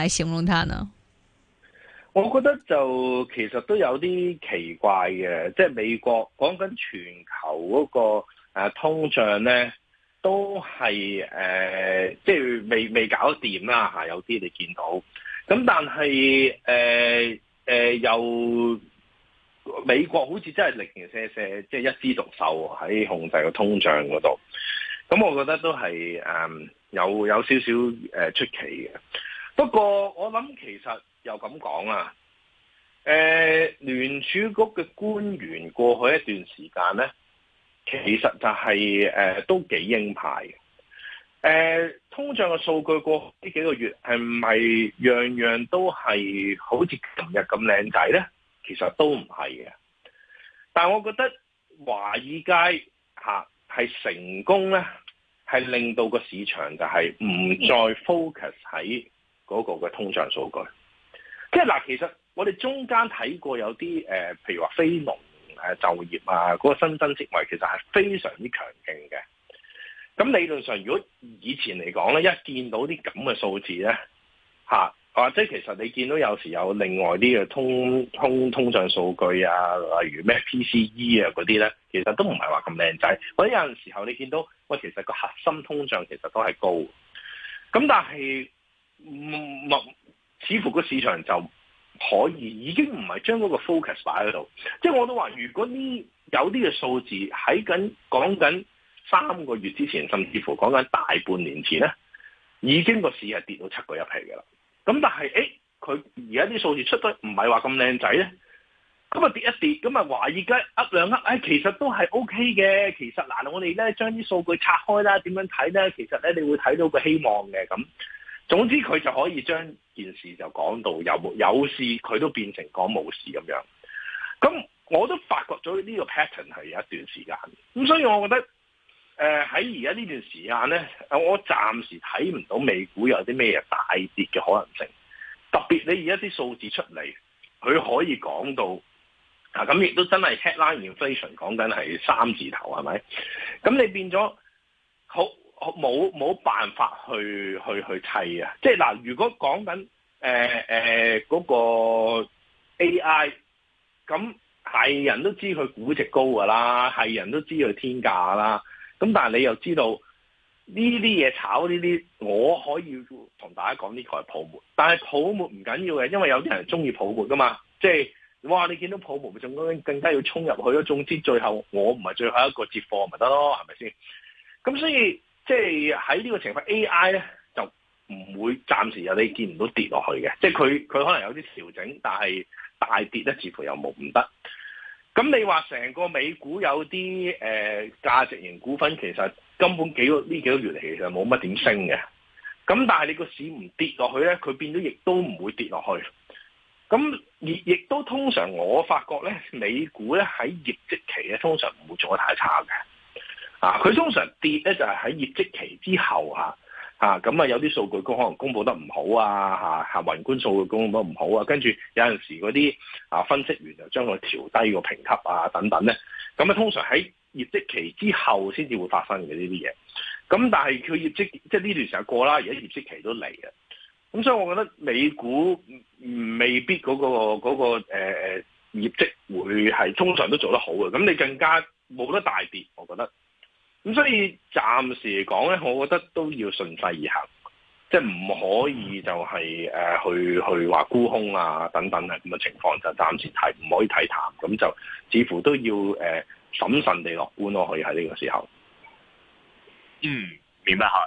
來形容他呢？我覺得就其實都有啲奇怪嘅，即、就、係、是、美國講緊全球嗰、那個誒、啊、通脹呢，都係誒即係未未搞掂啦吓，有啲你見到。咁但係誒誒又美國好似真係零零舍舍，即、就、係、是、一枝獨秀喺控制個通脹嗰度。咁我覺得都係誒、呃、有有少少誒、呃、出奇嘅。不過我諗其實又咁講啊，誒、呃，聯儲局嘅官員過去一段時間咧，其實就係、是、誒、呃、都幾鷹派嘅。誒、呃，通脹嘅數據過呢幾個月係唔係樣樣都係好似琴日咁靚仔咧？其實都唔係嘅。但係我覺得華爾街吓係、啊、成功咧，係令到個市場就係唔再 focus 喺。嗰個嘅通脹數據，即係嗱，其實我哋中間睇過有啲誒、呃，譬如話非農誒、啊、就業啊，嗰、那個新增職位其實係非常之強勁嘅。咁理論上，如果以前嚟講咧，一見到啲咁嘅數字咧，嚇、啊，或、啊、者其實你見到有時有另外啲嘅通通通脹數據啊，例如咩 PCE 啊嗰啲咧，其實都唔係話咁靚仔。或者有陣時候你見到喂、哎，其實個核心通脹其實都係高的，咁但係。唔似乎個市場就可以已經唔係將嗰個 focus 擺喺度，即係我都話，如果呢有啲嘅數字喺緊講緊三個月之前，甚至乎講緊大半年前咧，已經個市係跌到七個一皮嘅啦。咁但係誒，佢而家啲數字出得唔係話咁靚仔咧，咁啊跌一跌，咁啊話而家呃兩呃，誒、哎、其實都係 O K 嘅。其實嗱，我哋咧將啲數據拆開啦，點樣睇咧，其實咧你會睇到個希望嘅咁。總之佢就可以將件事就講到有冇事，佢都變成講冇事咁樣。咁我都發覺咗呢個 pattern 係有一段時間。咁所以我覺得，誒喺而家呢段時間咧，我暫時睇唔到美股有啲咩大跌嘅可能性。特別你而家啲數字出嚟，佢可以講到啊，咁亦都真係 headline inflation 講緊係三字頭，係咪？咁你變咗好。冇冇辦法去去去砌啊！即係嗱，如果講緊誒誒嗰個 AI，咁係人都知佢估值高㗎啦，係人都知佢天價啦。咁但係你又知道呢啲嘢炒呢啲，我可以同大家講呢個係泡沫。但係泡沫唔緊要嘅，因為有啲人鍾意泡沫㗎嘛。即係哇，你見到泡沫，咪仲更加要衝入去咯。總之最後我唔係最後一個接貨咪得咯，係咪先？咁所以。即係喺呢個情況，A I 咧就唔會暫時有你見唔到跌落去嘅，即係佢佢可能有啲調整，但係大跌咧似乎又冇唔得。咁你話成個美股有啲、呃、價值型股份，其實根本幾個呢幾個月嚟其實冇乜點升嘅。咁但係你個市唔跌落去咧，佢變咗亦都唔會跌落去。咁亦亦都通常我發覺咧，美股咧喺業績期咧，通常唔會做得太差嘅。啊！佢通常跌咧就係、是、喺業績期之後吓吓，咁啊有啲數據公可能公布得唔好啊吓吓，宏觀數據公布得唔好啊，跟住有陣時嗰啲啊分析員就將佢調低個評級啊等等咧，咁啊通常喺業績期之後先至會發生嘅呢啲嘢。咁但係佢業績即係呢段時間過啦，而家業績期都嚟嘅，咁所以我覺得美股未必嗰、那個嗰、那個誒誒、那個呃、業績會係通常都做得好嘅。咁你更加冇得大跌，我覺得。咁所以暫時嚟講咧，我覺得都要順勢而行，即係唔可以就係、是、誒、呃、去去話沽空啊等等咧，咁嘅情況就暫時睇，唔可以睇淡，咁就似乎都要誒審、呃、慎地樂觀咯，可以喺呢個時候。嗯，明白哈。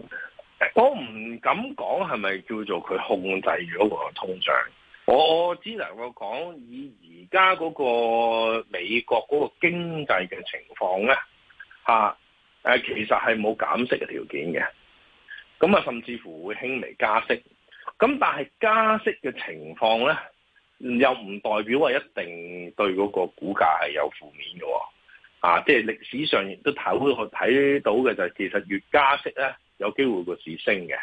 我唔敢講係咪叫做佢控制咗個通脹。我我只能夠講，以而家嗰個美國嗰個經濟嘅情況咧，吓、啊、誒、啊，其實係冇減息嘅條件嘅。咁啊，甚至乎會輕微加息。咁、啊、但係加息嘅情況咧，又唔代表話一定對嗰個股價係有負面嘅。啊，即係歷史上都睇到睇到嘅就係，其實越加息咧。有機會個市升嘅，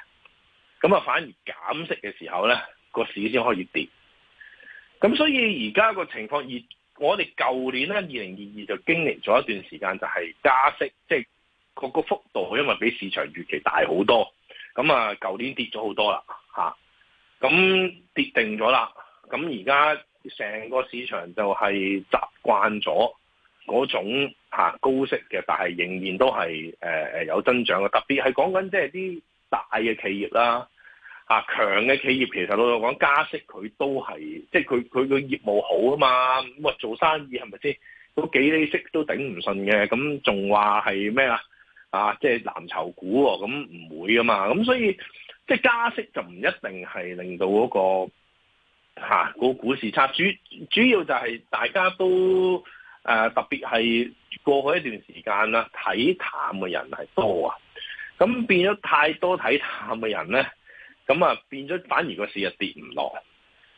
咁啊，反而減息嘅時候咧，個市先可以跌。咁所以而家個情況，而我哋舊年咧，二零二二就經歷咗一段時間，就係加息，即係個個幅度，因為比市場預期大好多。咁啊，舊年跌咗好多啦，嚇，咁跌定咗啦。咁而家成個市場就係習慣咗。嗰種、啊、高息嘅，但係仍然都係、呃、有增長嘅，特別係講緊即係啲大嘅企業啦，啊、強嘅企業，其實老實講，加息佢都係即係佢佢個業務好啊嘛，咁話做生意係咪先？嗰幾厘息都頂唔順嘅，咁仲話係咩啊？啊，即係藍籌股喎、哦，咁唔會啊嘛，咁所以即係加息就唔一定係令到嗰、嗰個、啊嗰個股市差主主要就係大家都。誒、呃、特別係過去一段時間啦，睇淡嘅人係多啊，咁變咗太多睇淡嘅人咧，咁啊變咗反而個市又跌唔落，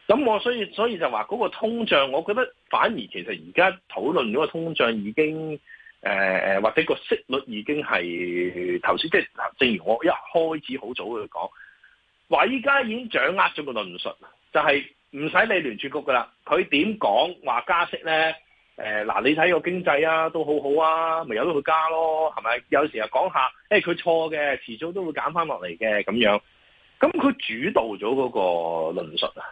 咁我所以所以就話嗰個通脹，我覺得反而其實而家討論嗰個通脹已經誒誒、呃，或者個息率已經係頭先，即係、就是、正如我一開始好早去講，話依家已經掌握咗個論述，就係唔使理聯儲局噶啦，佢點講話加息咧？誒嗱、呃，你睇個經濟啊，都好好啊，咪由得佢加咯，係咪？有時又講下，誒佢錯嘅，遲早都會減翻落嚟嘅咁樣。咁佢主導咗嗰個論述啊，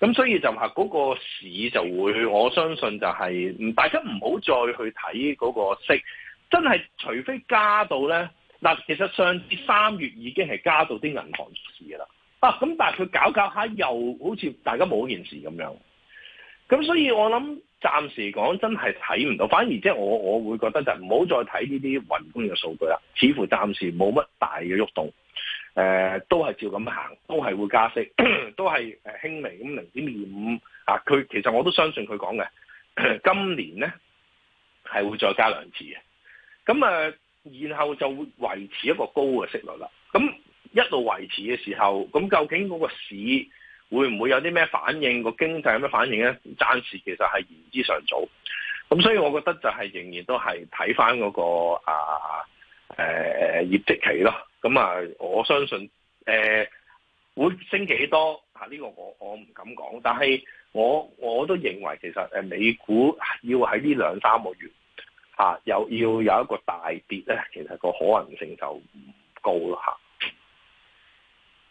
咁所以就話嗰個市就會去，我相信就係、是、大家唔好再去睇嗰個息，真係除非加到咧嗱。其實上次三月已經係加到啲銀行市啦，啊咁，但係佢搞搞下，又好似大家冇件事咁樣。咁所以我諗。暫時講真係睇唔到，反而即係我我會覺得就唔好再睇呢啲宏觀嘅數據啦，似乎暫時冇乜大嘅喐動、呃，都係照咁行，都係會加息，咳咳都係輕微咁零點二五啊！佢其實我都相信佢講嘅，今年咧係會再加兩次嘅，咁誒、呃、然後就會維持一個高嘅息率啦。咁一路維持嘅時候，咁究竟嗰個市？會唔會有啲咩反應？個經濟有咩反應咧？暫時其實係言之尚早。咁所以，我覺得就係仍然都係睇翻嗰個啊誒、啊、業績期咯。咁啊，我相信誒、啊、會升幾多嚇？呢、啊呢個我我唔敢講。但係我我都認為其實美股要喺呢兩三個月嚇又、啊、要有一個大跌咧，其實個可能性就唔高咯嚇。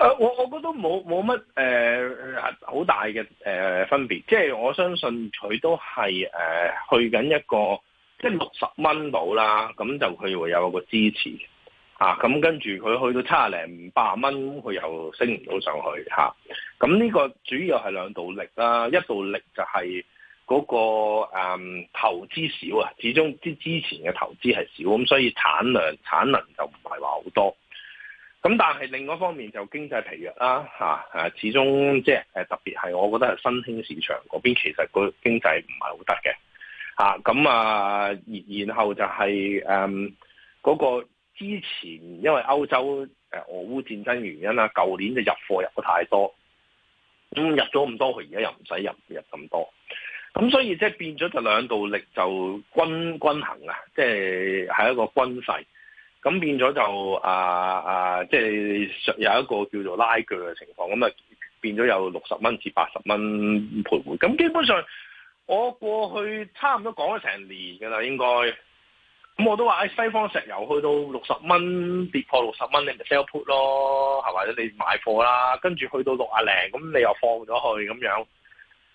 誒，我我覺得冇冇乜誒好大嘅誒、呃、分別，即係我相信佢都係誒、呃、去緊一個即係六十蚊度啦，咁就佢、是、會有一個支持啊，咁跟住佢去到七十零、八十蚊，佢又升唔到上去吓。咁、啊、呢個主要係兩道力啦，一道力就係嗰、那個、嗯、投資少啊，始終之之前嘅投資係少，咁所以產量、產能就唔係話好多。咁但係另外一方面就經濟疲弱啦、啊、嚇、啊，始終即係特別係我覺得係新興市場嗰邊其實個經濟唔係好得嘅嚇，咁啊，然、啊、然後就係誒嗰個之前因為歐洲誒、啊、俄烏戰爭原因啦，舊年就入貨入得太多，咁、嗯、入咗咁多佢而家又唔使入入咁多，咁所以即係變咗就兩道力就均均衡啊，即係係一個均勢。咁變咗就啊、呃、啊，即係有一個叫做拉鋸嘅情況，咁啊變咗有六十蚊至八十蚊徘徊。咁基本上我過去差唔多講咗成年㗎啦，應該。咁我都話，西方石油去到六十蚊跌破六十蚊，你咪 sell put 咯，或者你買貨啦，跟住去到六啊零，咁你又放咗去咁樣。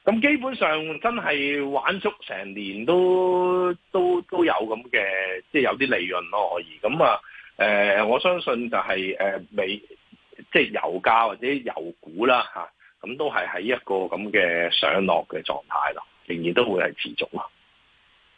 咁基本上真係玩足成年都都都有咁嘅，即係有啲利潤咯可以。咁啊，誒，我相信就係誒美，即係油價或者油股啦嚇，咁都係喺一個咁嘅上落嘅狀態咯，仍然都會係持續咯。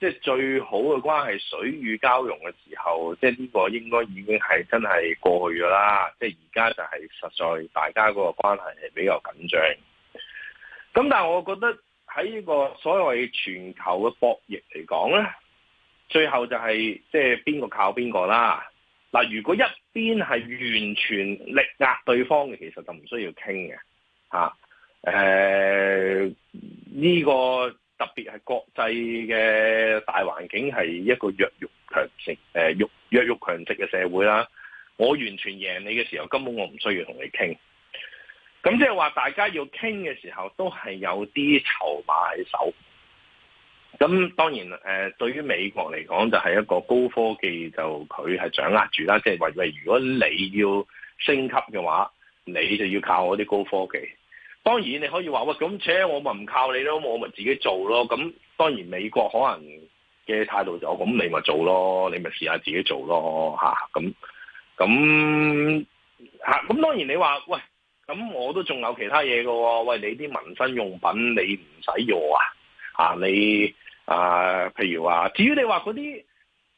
即係最好嘅關係水乳交融嘅時候，即係呢個應該已經係真係過去咗啦。即係而家就係實在大家嗰個關係係比較緊張。咁但係我覺得喺呢個所謂全球嘅博弈嚟講咧，最後就係、是、即係邊個靠邊個啦。嗱，如果一邊係完全力壓對方嘅，其實就唔需要傾嘅。嚇、啊，誒、呃、呢、呢個。特別係國際嘅大環境係一個弱肉強食，誒、呃、弱弱肉強食嘅社會啦。我完全贏你嘅時候，根本我唔需要同你傾。咁即係話，大家要傾嘅時候，都係有啲籌碼喺手。咁當然誒、呃，對於美國嚟講，就係、是、一個高科技，就佢係掌握住啦。即係話話，如果你要升級嘅話，你就要靠我啲高科技。當然你可以話喂，咁車我咪唔靠你咯，我咪自己做咯。咁當然美國可能嘅態度就咁，你咪做咯，你咪試下自己做咯嚇。咁咁嚇咁當然你話喂，咁我都仲有其他嘢嘅喎。喂，你啲民生用品你唔使用啊，啊你啊，譬如話至於你話嗰啲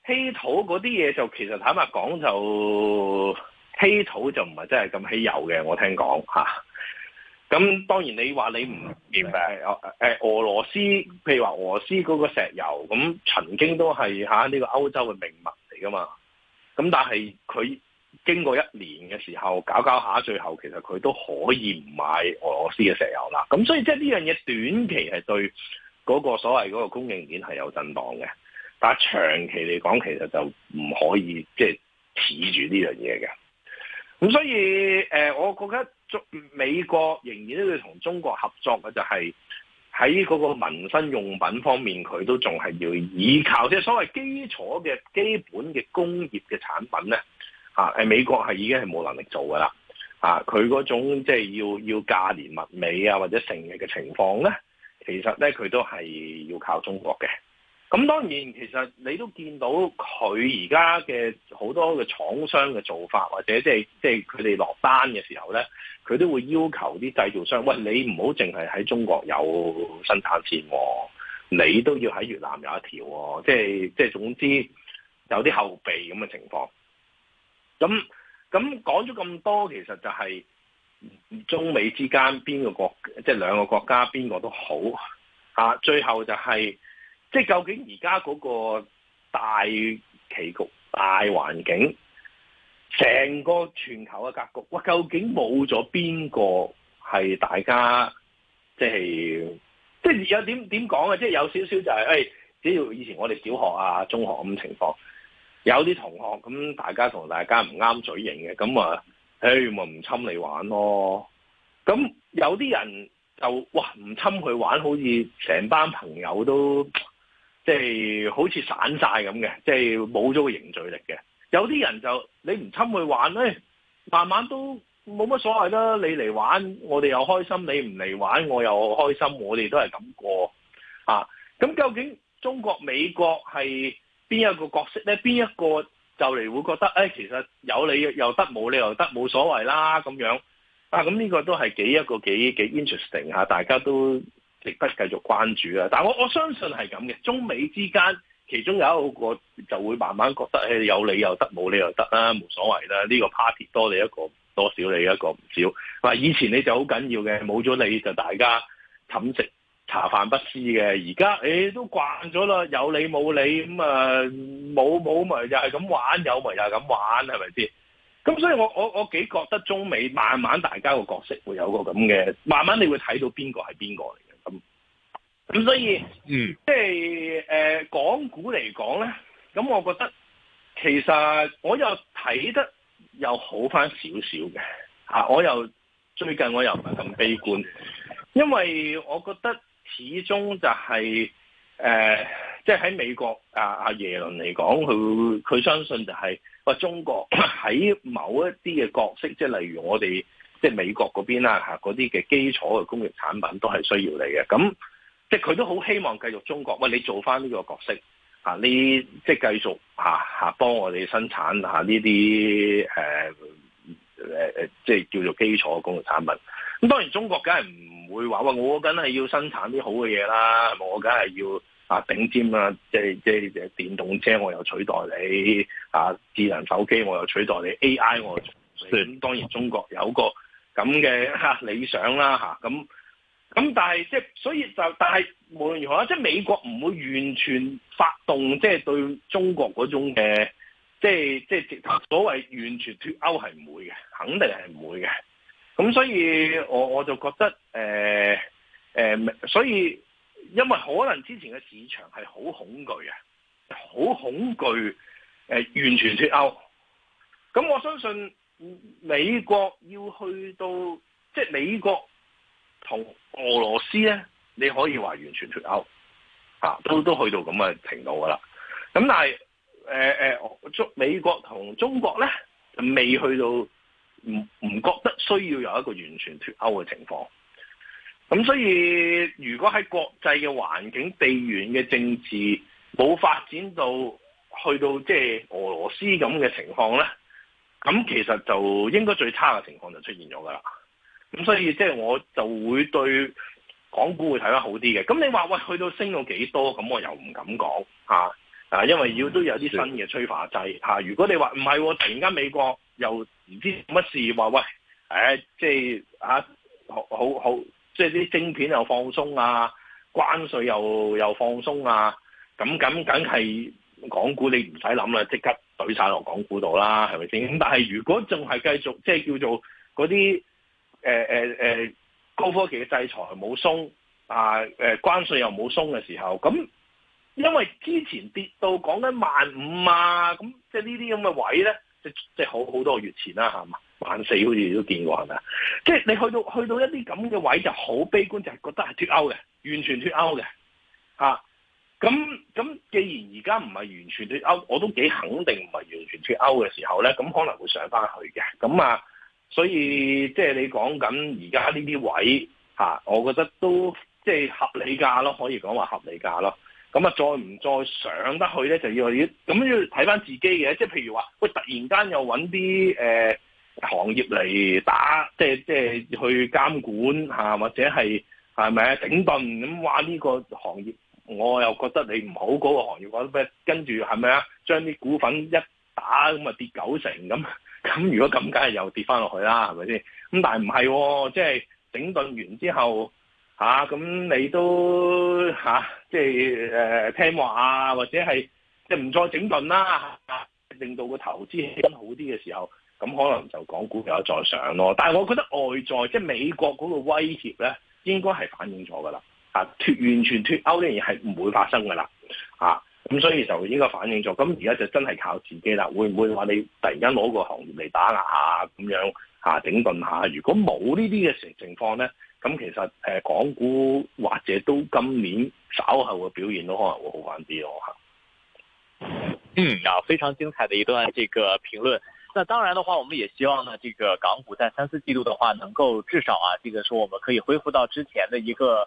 稀土嗰啲嘢，就其實坦白講，就稀土就唔係真係咁稀有嘅，我聽講嚇。咁當然你話你唔明俄俄羅斯，譬如話俄羅斯嗰個石油，咁曾經都係下呢個歐洲嘅命脈嚟㗎嘛。咁但係佢經過一年嘅時候搞搞下，最後其實佢都可以唔買俄羅斯嘅石油啦。咁所以即係呢樣嘢短期係對嗰個所謂嗰個供應鏈係有震盪嘅，但係長期嚟講其實就唔可以即係恃住呢樣嘢嘅。咁所以，誒、呃，我覺得中美國仍然都要同中國合作嘅，就係喺嗰個民生用品方面，佢都仲係要依靠，即係所謂基礎嘅基本嘅工業嘅產品咧，吓、啊，誒美國係已經係冇能力做㗎啦，啊，佢嗰種即係要要價廉物美啊，或者成日嘅情況咧，其實咧佢都係要靠中國嘅。咁當然，其實你都見到佢而家嘅好多嘅廠商嘅做法，或者即係即係佢哋落單嘅時候咧，佢都會要求啲製造商，喂，你唔好淨係喺中國有生產線喎，你都要喺越南有一條喎，即係即係總之有啲後備咁嘅情況。咁咁講咗咁多，其實就係中美之間邊個國，即係兩個國家邊個都好啊。最後就係。即係究竟而家嗰個大棋局、大環境，成個全球嘅格局，哇！究竟冇咗邊個係大家？即係即係有點點講啊！即係有少少就係、是、誒，只、欸、要以前我哋小學啊、中學咁情況，有啲同學咁，咁大家同大家唔啱嘴型嘅，咁啊，誒咪唔侵你玩咯。咁有啲人就哇唔侵佢玩，好似成班朋友都～即係好似散晒咁嘅，即係冇咗個凝聚力嘅。有啲人就你唔侵去玩咧、哎，慢慢都冇乜所謂啦。你嚟玩，我哋又開心；你唔嚟玩，我又開心。我哋都係咁過啊。咁究竟中國、美國係邊一個角色咧？邊一個就嚟會覺得、哎、其實有你又得，冇你又得，冇所謂啦咁樣啊？咁呢個都係幾一個幾幾 interesting、啊、大家都。亦不繼續關注啦，但係我我相信係咁嘅，中美之間其中有一個就會慢慢覺得，誒有你又得，冇你又得啦，冇所謂啦。呢個 party 多你一個，多少你一個唔少。嗱，以前你就好緊要嘅，冇咗你就大家寢食茶飯不思嘅。而家誒都慣咗啦，有你冇你，咁、嗯、啊，冇冇咪又係咁玩，有咪又係咁玩，係咪先？咁所以我我我幾覺得中美慢慢大家個角色會有個咁嘅，慢慢你會睇到邊個係邊個嚟。咁所以，嗯，即係誒，港股嚟講咧，咁我覺得其實我又睇得又好翻少少嘅。吓、啊，我又最近我又唔係咁悲觀，因為我覺得始終就係誒，即係喺美國啊阿耶倫嚟講，佢佢相信就係話中國喺某一啲嘅角色，即係例如我哋即係美國嗰邊啦吓，嗰啲嘅基礎嘅工業產品都係需要你嘅，咁。即係佢都好希望繼續中國，喂你做翻呢個角色啊！呢即係繼續、啊、幫我哋生產呢啲、啊啊啊、即係叫做基礎工業產品。咁當然中國梗係唔會話，喂我梗係要生產啲好嘅嘢啦，我梗係要啊頂尖啊！即係即係電動車我又取代你啊，智能手機我又取代你 AI 我。咁的當然中國有個咁嘅理想啦咁。啊嗯咁但係即係，所以就但係無論如何啦，即係美國唔會完全發動，即係對中國嗰種嘅，即係即係所謂完全脫歐係唔會嘅，肯定係唔會嘅。咁所以我我就覺得誒誒、呃呃，所以因為可能之前嘅市場係好恐懼啊，好恐懼誒完全脫歐。咁我相信美國要去到即係美國。同俄羅斯咧，你可以話完全脫歐、啊，都都去到咁嘅程度噶啦。咁但係，誒、呃、誒，中美國同中國咧，未去到唔唔覺得需要有一個完全脫歐嘅情況。咁所以，如果喺國際嘅環境、地緣嘅政治冇發展到去到即係俄羅斯咁嘅情況咧，咁其實就應該最差嘅情況就出現咗噶啦。咁所以即係、就是、我就會對港股會睇得好啲嘅。咁你話喂去到升到幾多？咁我又唔敢講吓，啊，因為要都有啲新嘅催化劑吓、啊。如果你話唔係，突然間美國又唔知乜事，話喂，哎、即係啊，好好好，即係啲晶片又放鬆啊，關稅又又放鬆啊，咁咁梗係港股你唔使諗啦，即刻懟曬落港股度啦，係咪先？但係如果仲係繼續即係叫做嗰啲。誒誒誒，高科技嘅制裁冇鬆啊！誒、呃、關稅又冇鬆嘅時候，咁因為之前跌到講緊萬五啊，咁即係呢啲咁嘅位咧，即即好好多月前啦，係、啊、嘛？萬四好似都見過係咪？即係你去到去到一啲咁嘅位就好悲觀，就係、是、覺得係脫鈎嘅，完全脫鈎嘅啊！咁咁，那既然而家唔係完全脫鈎，我都幾肯定唔係完全脫鈎嘅時候咧，咁可能會上翻去嘅，咁啊。所以即係你講緊而家呢啲位嚇我覺得都即係合理價咯，可以講話合理價咯。咁啊，再唔再上得去咧，就要咁要睇翻自己嘅。即係譬如話，喂，突然間又搵啲誒行業嚟打，即係即係去監管嚇或者係係咪啊整頓咁話呢個行業我又覺得你唔好，嗰個行業話咩？跟住係咪啊？將啲股份一打咁啊，就跌九成咁。咁如果咁，梗係又跌翻落去啦，係咪先？咁但係唔係，即係整頓完之後，吓咁你都吓，即係誒聽話啊，或者係即係唔再整頓啦，令到個投資氣氛好啲嘅時候，咁可能就港股又有再上咯。但係我覺得外在即係美國嗰個威脅咧，應該係反映咗噶啦，吓脱完全脱歐呢樣嘢係唔會發生噶啦，啊。咁、嗯、所以就應該反映咗，咁而家就真係靠自己啦。會唔會話你突然間攞個行業嚟打壓下，咁樣啊，整頓下。如果冇呢啲嘅情情況呢，咁其實、呃、港股或者都今年稍後嘅表現都可能會好翻啲咯嚇。嗯，啊，非常精彩的一段這個評論。那當然的話，我們也希望呢，這個港股在三四季度的話，能夠至少啊，這個說我們可以恢復到之前的一個。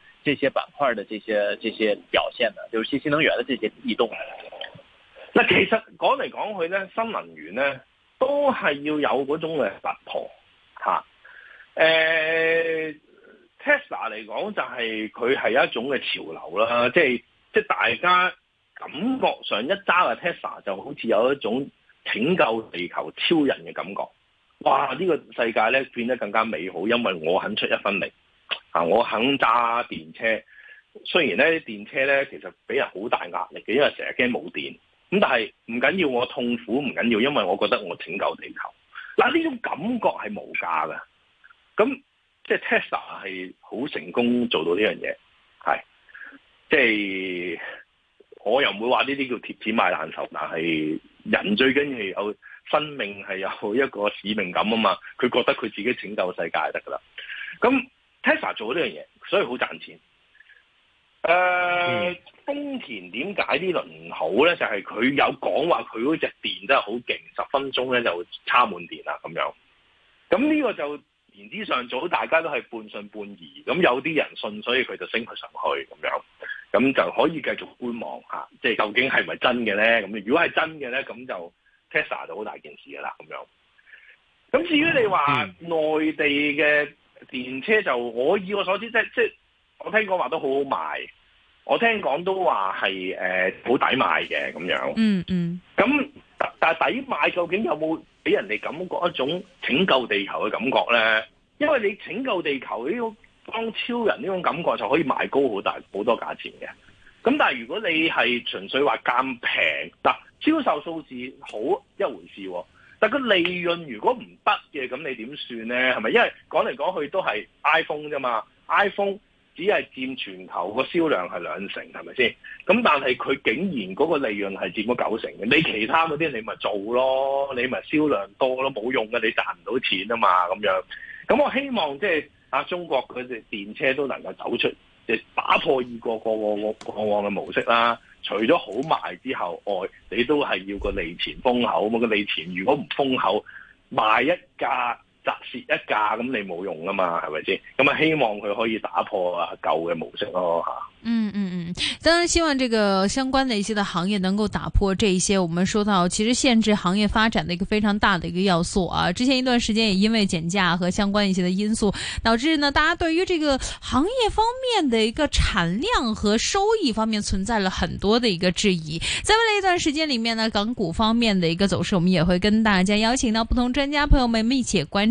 這些板塊的這些這些表現呢，就是新新能源的這些異動。那其實講嚟講去咧，新能源咧都係要有嗰種嘅突破吓、啊。誒，Tesla 嚟講就係佢係一種嘅潮流啦，即係即係大家感覺上一揸嘅 Tesla 就好似有一種拯救地球超人嘅感覺。哇！呢、這個世界咧變得更加美好，因為我肯出一分力。啊！我肯揸電車，雖然咧電車咧其實俾人好大壓力嘅，因為成日驚冇電。咁但係唔緊要，我痛苦唔緊要，因為我覺得我拯救地球。嗱，呢種感覺係無價嘅。咁即係、就是、Tesla 係好成功做到呢樣嘢，係即係我又唔會話呢啲叫貼錢買難受。但係人最緊要係有生命係有一個使命感啊嘛，佢覺得佢自己拯救世界就得噶啦。咁 Tesla 做呢樣嘢，所以好賺錢。誒、uh, 嗯，豐田點解呢輪好咧？就係、是、佢有講話佢嗰隻電真係好勁，十分鐘咧就叉滿電啦咁樣。咁呢個就言之尚早，大家都係半信半疑。咁有啲人信，所以佢就升佢上去咁樣。咁就可以繼續觀望吓，即、就、係、是、究竟係咪真嘅咧？咁如果係真嘅咧，咁就 Tesla 就好大件事噶啦。咁樣。咁至於你話內、嗯、地嘅。電車就我以我所知，即係即係我聽講話都好好賣，我聽講都話係誒好抵買嘅咁樣。嗯嗯。咁、嗯、但係抵買究竟有冇俾人哋感覺一種拯救地球嘅感覺咧？因為你拯救地球呢、這、種、個、當超人呢種感覺就可以賣高好大好多價錢嘅。咁但係如果你係純粹話咁平，嗱銷售數字好一回事，啊。但個利潤如果唔得嘅，咁你點算呢？係咪？因為講嚟講去都係 iPhone 啫嘛，iPhone 只係佔全球個銷量係兩成，係咪先？咁但係佢竟然嗰個利潤係佔咗九成嘅，你其他嗰啲你咪做咯，你咪銷量多咯，冇用嘅，你賺唔到錢啊嘛咁樣。咁我希望即係啊，中國佢哋電車都能夠走出即係打破以個過往過往嘅模式啦。除咗好賣之後外，你都係要個利錢豐厚。嘛個利錢如果唔豐厚，賣一價。集一架咁你冇用噶嘛，係咪先？咁啊希望佢可以打破啊舊嘅模式咯吓。嗯嗯嗯，當然希望這個相關的一些的行業能夠打破這一些我們說到其實限制行業發展的一個非常大的一個要素啊。之前一段時間也因為減價和相關一些的因素，導致呢大家對於這個行業方面的一個產量和收益方面存在了很多的一個質疑。在未來一段時間裏面呢，港股方面的一個走勢，我們也會跟大家邀請到不同專家朋友們密切關